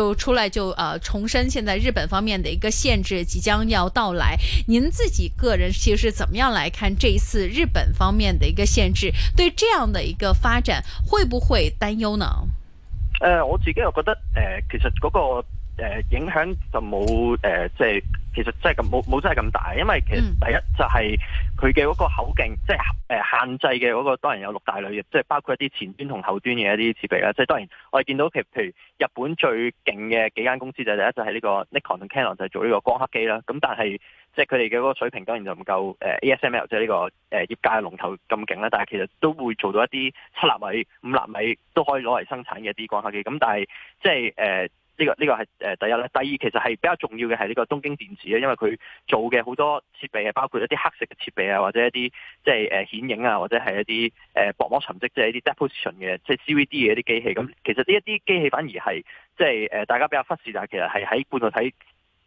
就出來就呃重申，現在日本方面的一個限制即將要到來。您自己個人其實是怎麼樣來看這一次日本方面的一個限制？對這樣的一個發展，會不會擔憂呢？誒、呃，我自己又覺得，誒、呃，其實嗰、那個誒、呃、影響就冇誒，即、呃、係其實真係咁冇冇真係咁大，因為其實第一就係、是。嗯佢嘅嗰個口徑，即係誒限制嘅嗰個當然有六大類，即係包括一啲前端同後端嘅一啲設備啦。即係當然我哋見到其實譬如日本最勁嘅幾間公司就第一就係呢個 Nikon 同 Canon 就係做呢個光刻機啦。咁但係即係佢哋嘅嗰個水平當然就唔夠誒 ASML，即係呢個誒業界嘅龍頭咁勁啦。但係其實都會做到一啲七納米、五納米都可以攞嚟生產嘅啲光刻機。咁但係即係誒。呃呢、這個呢、這個係誒第一咧，第二其實係比較重要嘅係呢個東京電子咧，因為佢做嘅好多設備係包括一啲黑色嘅設備啊，或者一啲即係誒顯影啊，或者係一啲誒、呃、薄膜沉積即係一啲 deposition 嘅即係 CVD 嘅一啲機器。咁其實呢一啲機器反而係即係誒、呃、大家比較忽視，但係其實係喺半導體。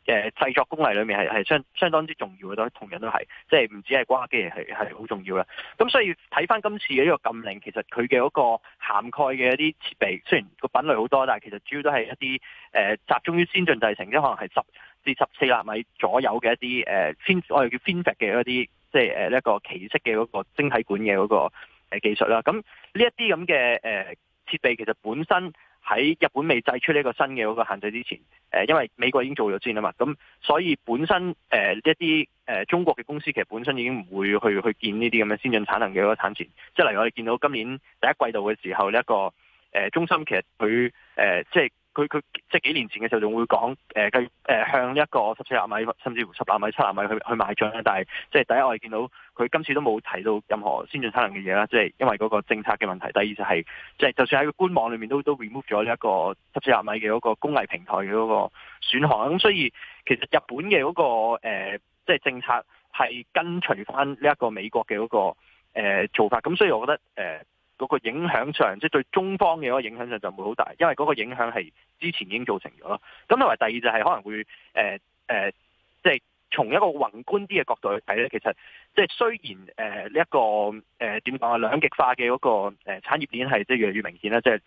嘅、呃、製作工藝裏面係係相相當之重要嘅，同人都同樣都係，即係唔止係瓜機係係好重要嘅。咁所以睇翻今次嘅呢個禁令，其實佢嘅嗰個涵蓋嘅一啲設備，雖然個品類好多，但係其實主要都係一啲誒、呃、集中於先進製程，即可能係十至十四納米左右嘅一啲誒、呃、我哋叫先進嘅一啲即係誒一個鰭式嘅嗰個晶體管嘅嗰個技術啦。咁呢一啲咁嘅誒設備，其實本身。喺日本未製出呢個新嘅嗰個限制之前，誒，因為美國已經做咗先啊嘛，咁所以本身誒一啲誒中國嘅公司其實本身已經唔會去去建呢啲咁嘅先進產能嘅嗰個產線，即係例如我哋見到今年第一季度嘅時候呢一個誒中心，其實佢誒即係。呃，就是佢佢即係幾年前嘅時候仲會講誒嘅誒向呢一個十四納米甚至乎十八納米七納米去去買進啦，但係即係第一我哋見到佢今次都冇提到任何先進產能嘅嘢啦，即係因為嗰個政策嘅問題。第二就係即係就算喺官網裏面都都 remove 咗呢一個十四納米嘅嗰個工藝平台嘅嗰個選項，咁所以其實日本嘅嗰、那個即係、呃、政策係跟隨翻呢一個美國嘅嗰、那個、呃、做法。咁所以我覺得誒。呃嗰個影響上，即係對中方嘅嗰個影響上就唔會好大，因為嗰個影響係之前已經造成咗咯。咁同埋第二就係可能會誒誒，即係從一個宏觀啲嘅角度去睇咧，其實即係雖然誒呢一個誒點講啊，兩極化嘅嗰個產業鏈係即越嚟越明顯啦，即係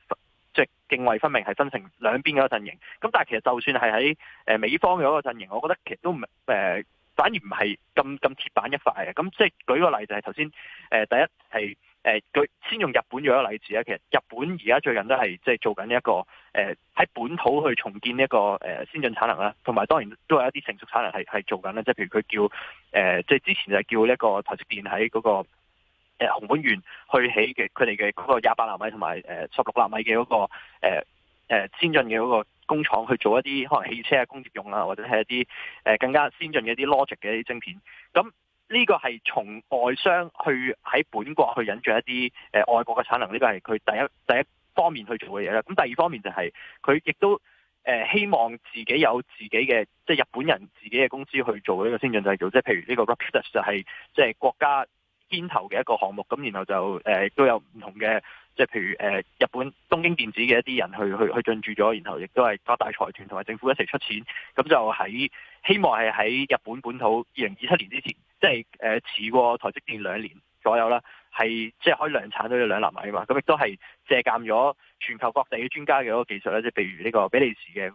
即係涇渭分明係分成兩邊嗰個陣營。咁但係其實就算係喺美方嘅嗰個陣營，我覺得其實都唔誒、呃，反而唔係咁咁鐵板一塊嘅。咁即係舉個例就係頭先誒，第一係。誒，佢先用日本做一個例子咧，其實日本而家最近都係即係做緊一個誒，喺本土去重建一個先進產能啦，同埋當然都有一啲成熟產能係係做緊啦，即係譬如佢叫誒，即係之前就叫一個台積電喺嗰個誒熊本縣去起嘅佢哋嘅嗰個廿八納米同埋誒十六納米嘅嗰個誒先進嘅嗰個工廠去做一啲可能汽車啊，工業用啊，或者係一啲更加先進嘅一啲 logic 嘅一啲晶片咁。呢個係從外商去喺本國去引進一啲誒、呃、外國嘅產能，呢個係佢第一第一方面去做嘅嘢啦。咁第二方面就係佢亦都誒、呃、希望自己有自己嘅即係日本人自己嘅公司去做呢個先進製造，即係譬如呢個 Rapidus 就係、是、即係國家牽頭嘅一個項目，咁然後就誒、呃、都有唔同嘅，即、就、係、是、譬如誒、呃、日本東京電子嘅一啲人去去去進駐咗，然後亦都係各大財團同埋政府一齊出錢，咁就喺希望係喺日本本土二零二七年之前，即係誒遲過台積電兩年左右啦。係即係可以量產到有兩納米啊嘛，咁亦都係借鑑咗全球各地嘅專家嘅嗰個技術啦，即係譬如呢個比利時嘅嗰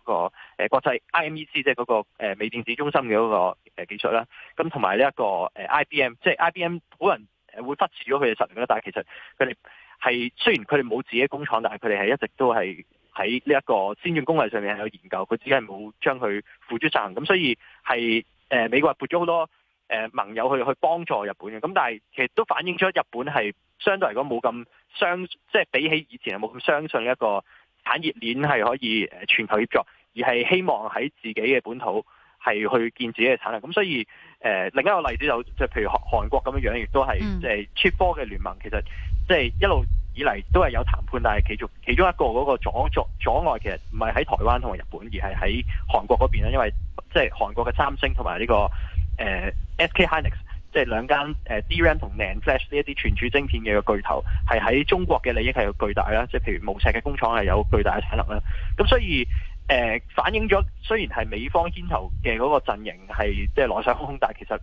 個誒國際 IMEC，即係嗰個誒微電子中心嘅嗰個技術啦，咁同埋呢一個誒 IBM，即係 IBM 好多人誒會忽視咗佢嘅實力啦，但係其實佢哋係雖然佢哋冇自己工廠，但係佢哋係一直都係喺呢一個先進工藝上面係有研究，佢只係冇將佢付諸實行，咁所以係誒、呃、美國撥咗好多。誒盟友去去幫助日本嘅，咁但係其實都反映咗日本係相對嚟講冇咁相，即係比起以前係冇咁相信一個產業鏈係可以誒全球協作，而係希望喺自己嘅本土係去建自己嘅產量。咁所以誒、呃、另一個例子就就是、譬如韓韓國咁樣樣亦都係即係 Chip 4嘅聯盟，其實即係一路以嚟都係有談判，但係其中其中一個嗰個阻阻阻礙其實唔係喺台灣同埋日本，而係喺韓國嗰邊啦，因為即係韓國嘅三星同埋呢個。誒、呃、SK h 海力士即係兩間誒、呃、DRAM 同 NAND flash 呢一啲存儲晶片嘅個巨頭，係喺中國嘅利益係有巨大啦，即係譬如無錫嘅工廠係有巨大嘅產能啦。咁所以誒、呃、反映咗，雖然係美方牽頭嘅嗰個陣營係即係攞上空，但係其實誒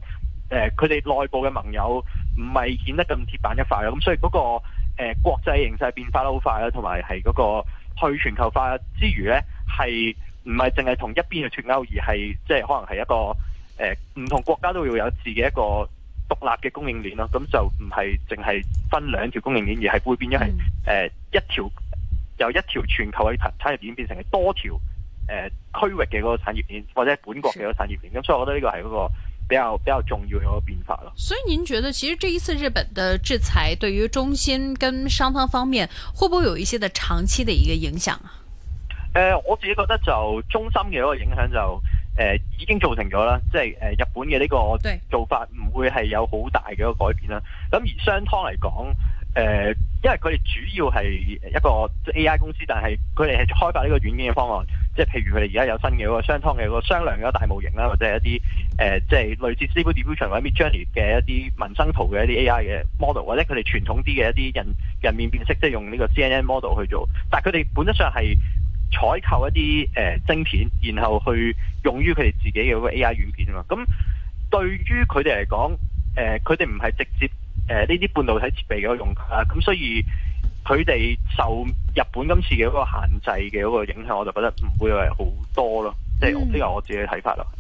佢哋內部嘅盟友唔係顯得咁鐵板一塊咯。咁所以嗰、那個誒、呃、國際形勢變化得好快啦，同埋係嗰個去全球化之餘咧，係唔係淨係同一邊嘅脫鈎，而係即係可能係一個。誒，唔、呃、同國家都要有自己一個獨立嘅供應鏈咯，咁就唔係淨係分兩條供應鏈，而係會變咗係誒一條，由一條全球嘅產產業鏈變成係多條誒區域嘅嗰個產業鏈，或者本國嘅嗰個產業鏈。咁是、嗯、所以我覺得呢個係嗰個比較比較重要嘅個變化咯。所以您覺得，其實這一次日本嘅制裁對於中心跟商湯方面，會不會有一些嘅長期嘅一個影響？誒、呃，我自己覺得就中心嘅一個影響就。誒、呃、已經造成咗啦，即係誒、呃、日本嘅呢個做法唔會係有好大嘅一個改變啦。咁對而商湯嚟講，誒、呃、因為佢哋主要係一個 AI 公司，但係佢哋係開發呢個軟件嘅方案，即係譬如佢哋而家有新嘅嗰個商湯嘅嗰個商量嘅大模型啦，或者一啲誒、呃、即係類似 Stable Diffusion 或者 Midjourney 嘅一啲民生圖嘅一啲 AI 嘅 model，或者佢哋傳統啲嘅一啲人人面辨識，即係用呢個 CNN model 去做，但係佢哋本質上係。採購一啲誒、呃、晶片，然後去用於佢哋自己嘅嗰個 AI 軟件啊嘛，咁對於佢哋嚟講，誒佢哋唔係直接誒呢啲半導體設備嘅用啊，咁所以佢哋受日本今次嘅嗰個限制嘅嗰個影響，我就覺得唔會係好多咯，mm hmm。即係呢個我自己嘅睇法啦。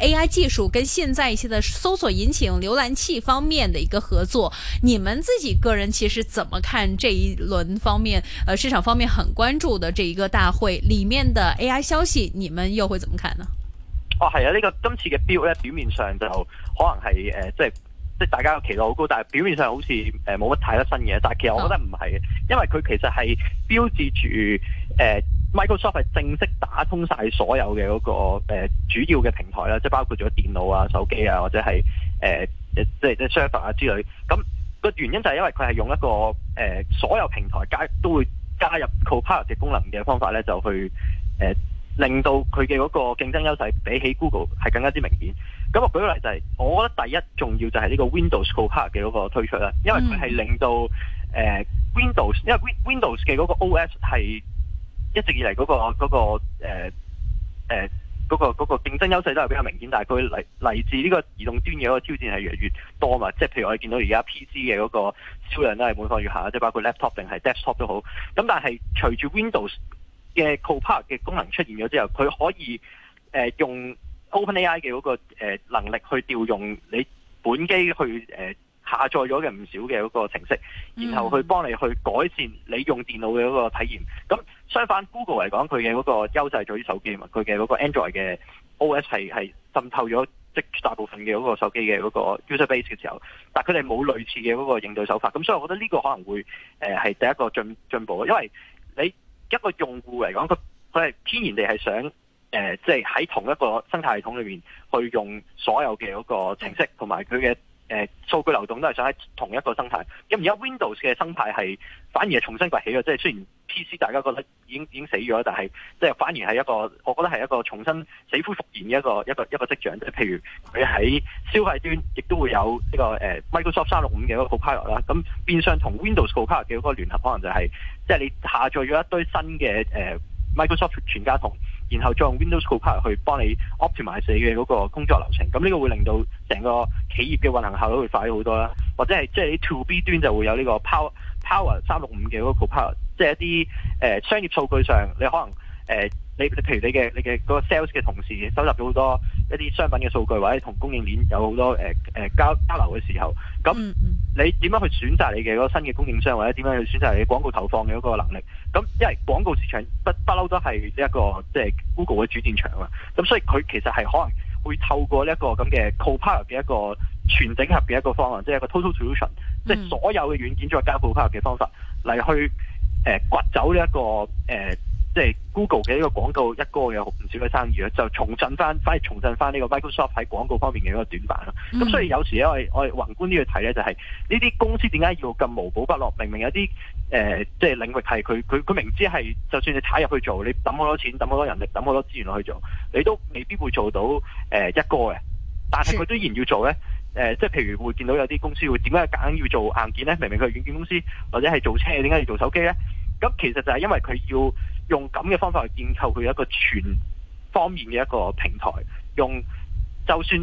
AI 技術跟現在一些的搜索引擎、瀏覽器方面的一個合作，你們自己個人其實怎麼看這一輪方面，呃市場方面很關注的這一個大會裏面的 AI 消息，你們又會怎麼看呢？哦係啊，呢、這個今次嘅標咧，表面上就可能係誒、呃，即係即係大家嘅期待好高，但係表面上好似誒冇乜太多新嘢，但係其實我覺得唔係、哦、因為佢其實係標誌住誒。呃 Microsoft 係正式打通晒所有嘅嗰、那個、呃、主要嘅平台啦，即係包括咗電腦啊、手機啊，或者係即係即係 server 啊之類。咁、嗯那個原因就係因為佢係用一個誒、呃、所有平台加都會加入 Copilot 嘅功能嘅方法咧，就去誒、呃、令到佢嘅嗰個競爭優勢比起 Google 係更加之明顯。咁我舉個例就係、是、我覺得第一重要就係呢個 Windows Copilot 嘅嗰個推出啦，因為佢係令到誒、呃、Windows 因為 Windows 嘅嗰個 OS 係，一直以嚟嗰個嗰個誒誒嗰個嗰個競爭優勢都係比較明顯，但係佢嚟嚟自呢個移動端嘅一個挑戰係越嚟越多嘛。即係譬如我哋見到而家 PC 嘅嗰個銷量都係每況愈下，即係包括 laptop 定係 desktop 都好。咁但係隨住 Windows 嘅 Copilot 嘅功能出現咗之後，佢可以、呃、用 OpenAI 嘅嗰個、呃、能力去調用你本機去、呃下載咗嘅唔少嘅嗰個程式，然後去幫你去改善你用電腦嘅嗰個體驗。咁相反，Google 嚟講佢嘅嗰個優勢在手機啊，佢嘅嗰個 Android 嘅 OS 係係滲透咗即大部分嘅嗰個手機嘅嗰個 user base 嘅時候，但佢哋冇類似嘅嗰個應對手法。咁所以我覺得呢個可能會誒係、呃、第一個進進步，因為你一個用戶嚟講，佢佢係天然地係想誒即係喺同一個生態系統裏面去用所有嘅嗰個程式同埋佢嘅。誒、呃、數據流動都係想喺同一個生態，咁而家 Windows 嘅生態係反而係重新崛起嘅，即係雖然 PC 大家覺得已經已經死咗，但係即係反而係一個，我覺得係一個重新死灰復燃嘅一個一個一個跡象。即係譬如佢喺消費端亦都會有呢、這個、呃、Microsoft 三六五嘅嗰個 Copilot 啦，咁變相同 Windows Copilot 嘅嗰個聯合，可能就係、是、即係你下載咗一堆新嘅、呃、Microsoft 全家桶。然後再用 Windows Copilot 去幫你 Optimize 你嘅嗰個工作流程，咁呢個會令到成個企業嘅運行效率會快好多啦。或者係即係你 To B 端就會有呢個 Power Power 三六五嘅嗰個 Copilot，即係一啲誒、呃、商業數據上，你可能誒、呃、你你譬如你嘅你嘅嗰、那個 Sales 嘅同事收集咗好多。一啲商品嘅數據，或者同供應鏈有好多誒交、呃呃、交流嘅時候，咁你點樣去選擇你嘅嗰新嘅供應商，或者點樣去選擇你廣告投放嘅嗰個能力？咁因為廣告市場不不嬲都係一、這個即係、就是、Google 嘅主戰場啊，咁所以佢其實係可能會透過呢個咁嘅 Copilot 嘅一個全整合嘅一個方案，即、就、係、是、一個 total solution，即係、嗯、所有嘅軟件再加 Copilot 嘅方法嚟去誒掘、呃、走呢、這、一個、呃即係 Google 嘅一個廣告一哥有唔少嘅生意咧，就重振翻，反而重振翻呢個 Microsoft 喺廣告方面嘅一個短板啦。咁、嗯、所以有時咧，我我係宏觀啲去睇咧，就係呢啲公司點解要咁無寶不落？明明有啲誒，即、呃、係、就是、領域係佢佢佢明知係，就算你踩入去做，你抌好多錢、抌好多人力、抌好多資源落去做，你都未必會做到誒、呃、一哥嘅。但係佢依然要做咧，誒、呃，即係譬如會見到有啲公司會點解夾硬要做硬件咧？明明佢係軟件公司，或者係做車，點解要做手機咧？咁其實就係因為佢要。用咁嘅方法去建構佢一個全方面嘅一個平台，用就算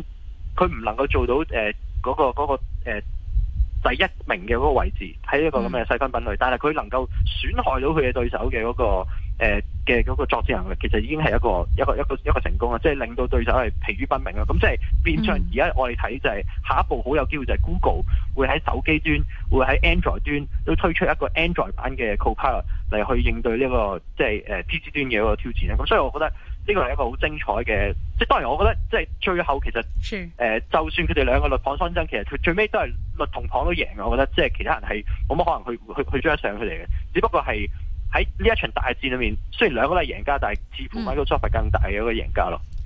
佢唔能夠做到誒嗰、呃、那個嗰、那個誒、呃、第一名嘅嗰個位置喺一個咁嘅細分品類，但係佢能夠損害到佢嘅對手嘅嗰、那個誒嘅嗰個作戰能力，其實已經係一個一個一個一個成功啦，即、就、係、是、令到對手係疲於奔命啊！咁即係變相而家我哋睇就係下一步好有機會就係 Google 會喺手機端會喺 Android 端都推出一個 Android 版嘅 Copilot 嚟去應對呢、這個即係誒 PC 端嘅一個挑戰咧，咁所以我覺得呢個係一個好精彩嘅，是的即係當然我覺得即係最後其實誒的、呃，就算佢哋兩個鷸蚌相爭，其實佢最尾都係鷸同蚌都贏，我覺得即係其他人係冇乜可能去去去追得上佢哋嘅，只不過係喺呢一場大戰裏面，雖然兩個都係贏家，但係似乎 m i c h a 更大嘅一個贏家咯。嗯。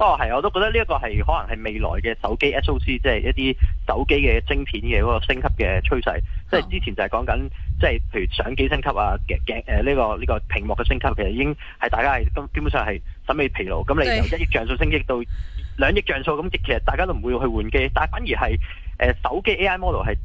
不過，係，我都覺得呢一個係可能係未來嘅手機 SOC，即係一啲手機嘅晶片嘅嗰個升級嘅趨勢。即係、oh。之前就係講緊，即、就、係、是、譬如相機升級啊，鏡鏡誒呢個呢、這個屏幕嘅升級，其實已經係大家係根基本上係審美疲勞。咁你由一億像素升級到兩億像素，咁其實大家都唔會去換機，但係反而係誒、呃、手機 AI model 係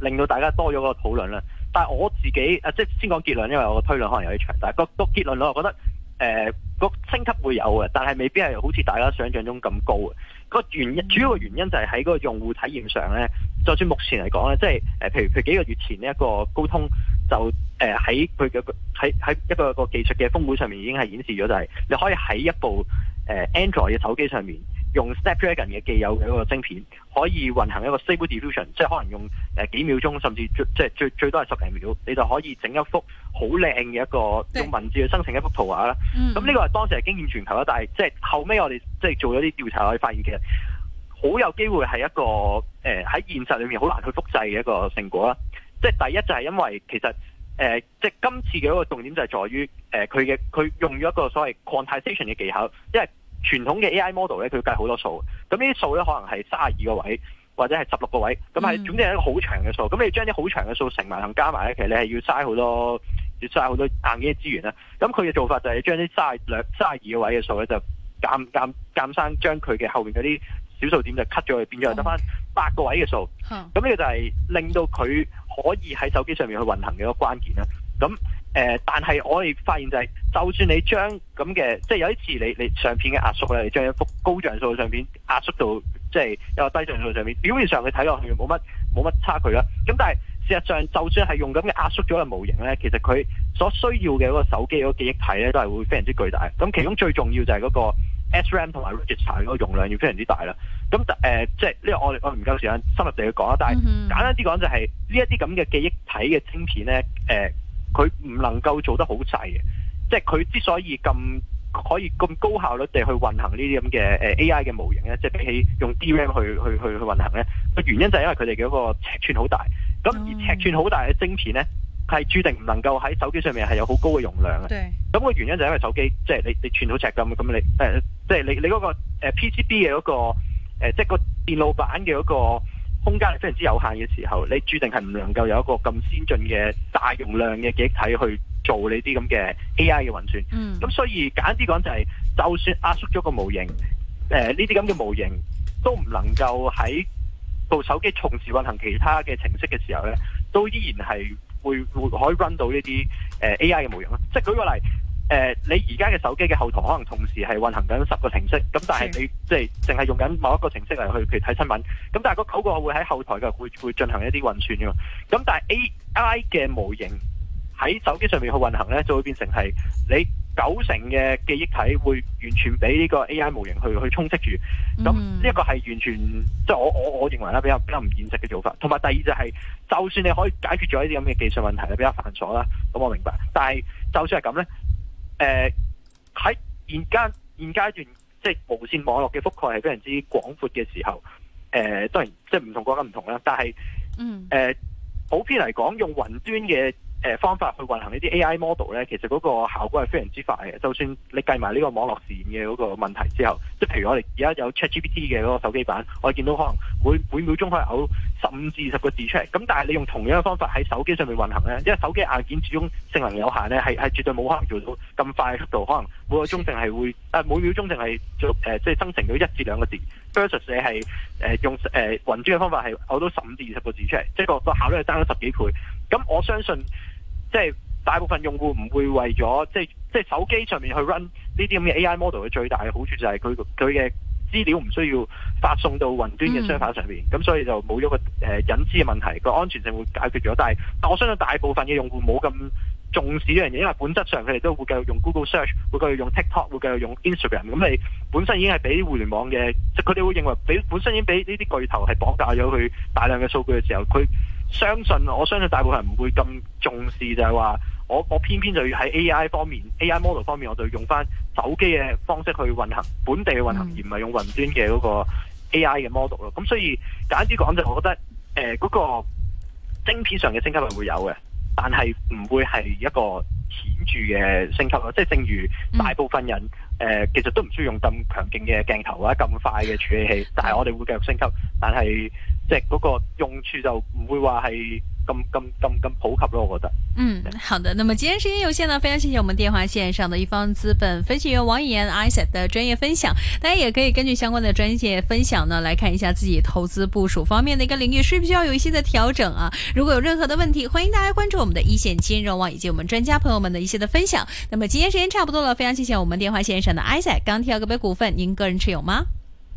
令到大家多咗嗰個討論啦。但係我自己啊，即係先講結論，因為我嘅推論可能有啲長。但係個個結論咧，我覺得誒。呃個升級會有嘅，但係未必係好似大家想象中咁高嘅。個原因主要嘅原因就係喺嗰個用戶體驗上咧。就算目前嚟講咧，即係、呃、譬如佢幾個月前一個高通就誒喺佢嘅喺喺一個技術嘅峰會上面已經係顯示咗，就係、是、你可以喺一部誒、呃、Android 嘅手機上面用 Snapdragon 嘅既有嘅一個晶片，可以運行一個 Stable Diffusion，即係可能用誒、呃、幾秒鐘，甚至即係最最多係十零秒，你就可以整一幅。好靚嘅一個用文字去生成一幅圖畫啦，咁呢個係當時係驚艷全球啦，但係即係後尾我哋即係做咗啲調查，我哋發現其實好有機會係一個誒喺現實裏面好難去複製嘅一個成果啦。即係第一就係因為其實誒即係今次嘅一個重點就係在於誒佢嘅佢用咗一個所謂 quantisation 嘅技巧，因為傳統嘅 AI model 咧佢要計好多數，咁呢啲數咧可能係三十二個位或者係十六個位，咁係總之係一個好長嘅數，咁你將啲好長嘅數乘埋同加埋咧，其實你係要嘥好多。用曬好多硬件資源啦，咁佢嘅做法就係將啲卅兩卅二個位嘅數咧，就減減減生，將佢嘅後面嗰啲小數點就 cut 咗，變咗又得翻八個位嘅數，咁呢 Okay. 個就係令到佢可以喺手機上面去運行嘅一個關鍵啦。咁誒、呃，但係我哋發現就係，就算你將咁嘅，即、就、係、是、有一次你你相片嘅壓縮咧，你將一幅高像素嘅相片壓縮到即係、就是、一個低像素相片，表面上佢睇落去冇乜冇乜差距啦，咁但係。實際上，就算係用咁嘅壓縮咗嘅模型咧，其實佢所需要嘅嗰個手機嗰個記憶體咧，都係會非常之巨大嘅。咁其中最重要就係嗰個 SRAM 同埋 Register 嗰個容量要非常之大啦。咁誒，即係呢個我我唔夠時間深入地去講啦。但係簡單啲講就係呢一啲咁嘅記憶體嘅芯片咧，誒、呃，佢唔能夠做得好細嘅，即係佢之所以咁。可以咁高效率地去運行呢啲咁嘅 AI 嘅模型咧，即係比起用 DRAM 去去去去運行咧，原個，呢對個原因就係因為佢哋嘅嗰個尺寸好大，咁而尺寸好大嘅晶片咧，係注定唔能夠喺手機上面係有好高嘅容量嘅。咁個原因就係因為手機即係你你串到寸好尺咁，咁你即係你你嗰個 PCB 嘅嗰、那個即係、呃就是、個電腦板嘅嗰個空間係非常之有限嘅時候，你注定係唔能夠有一個咁先進嘅大容量嘅記憶體去。做呢啲咁嘅 AI 嘅運算，咁、嗯、所以簡單啲講就係、是，就算壓縮咗個模型，誒呢啲咁嘅模型都唔能夠喺部手機同時運行其他嘅程式嘅時候呢都依然係會會可以 run 到呢啲誒 AI 嘅模型。即係舉個例，誒、呃、你而家嘅手機嘅後台可能同時係運行緊十個程式，咁但係你即係淨係用緊某一個程式嚟，去譬如睇新聞，咁但係嗰九個會喺後台嘅會會進行一啲運算嘅，咁但係 AI 嘅模型。喺手機上面去運行呢，就會變成係你九成嘅記憶體會完全俾呢個 AI 模型去去充斥住。咁呢一個係完全即係、就是、我我我認為咧比較比較唔現實嘅做法。同埋第二就係、是，就算你可以解決咗呢啲咁嘅技術問題咧，比較繁瑣啦。咁我明白。但係就算係咁呢，誒、呃、喺現階現階段，即、就、係、是、無線網絡嘅覆蓋係非常之廣闊嘅時候，誒、呃、當然即係唔同國家唔同啦。但係，嗯、呃、普遍嚟講用雲端嘅。誒、呃、方法去運行呢啲 AI model 咧，其實嗰個效果係非常之快嘅。就算你計埋呢個網絡線嘅嗰個問題之後，即係譬如我哋而家有 ChatGPT 嘅嗰個手機版，我見到可能每每秒鐘可以 output 十五至二十個字出嚟。咁但係你用同樣嘅方法喺手機上面運行咧，因為手機硬件始終性能有限咧，係係絕對冇可能做到咁快嘅速度。可能每個鐘頭係會、呃，每秒鐘淨係做、呃、即係生成咗一至兩個字。versus 你係、呃、用誒雲端嘅方法係 output 到十五至二十個字出嚟，即係個，個效率係爭咗十幾倍。咁我相信。即係大部分用戶唔會為咗即係即係手機上面去 run 呢啲咁嘅 AI model 嘅最大嘅好處就係佢佢嘅資料唔需要發送到雲端嘅商場上面，咁、嗯、所以就冇咗個誒隱私嘅問題，個安全性會解決咗。但係，但我相信大部分嘅用戶冇咁重視呢樣嘢，因為本質上佢哋都會繼續用 Google Search，會繼續用 TikTok，會繼續用 Instagram。咁你本身已經係俾互聯網嘅，佢哋會認為俾本身已經俾呢啲巨頭係綁架咗佢大量嘅數據嘅時候，佢。相信我，相信大部分人唔會咁重視，就係話我我偏偏就要喺 A I 方面 A I model 方面，我就用翻手機嘅方式去運行，本地去運行，嗯、而唔係用雲端嘅嗰個 A I 嘅 model 咯。咁所以簡單啲講，就，我覺得誒個、呃那個晶片上嘅升級係會有嘅，但係唔會係一個顯著嘅升級咯。即、就、係、是、正如大部分人誒、呃、其實都唔需要用咁強勁嘅鏡頭或者咁快嘅處理器，但係我哋會繼續升級，但係。個用處就唔會話係咁咁咁咁普及咯，我覺得。嗯，好的。那麼今天時間有限呢，非常謝謝我們電話線上的一方資本分析員王逸研 ISAT 的專業分享。大家也可以根據相關的專業分享呢，來看一下自己投資部署方面的一個領域，需不需要有一些的調整啊？如果有任何的問題，歡迎大家關注我們的一線金融網以及我們專家朋友們的一些的分享。那麼今天時間差不多了，非常謝謝我們電話線上的 ISAT 剛提到個別股份，您個人持有嗎？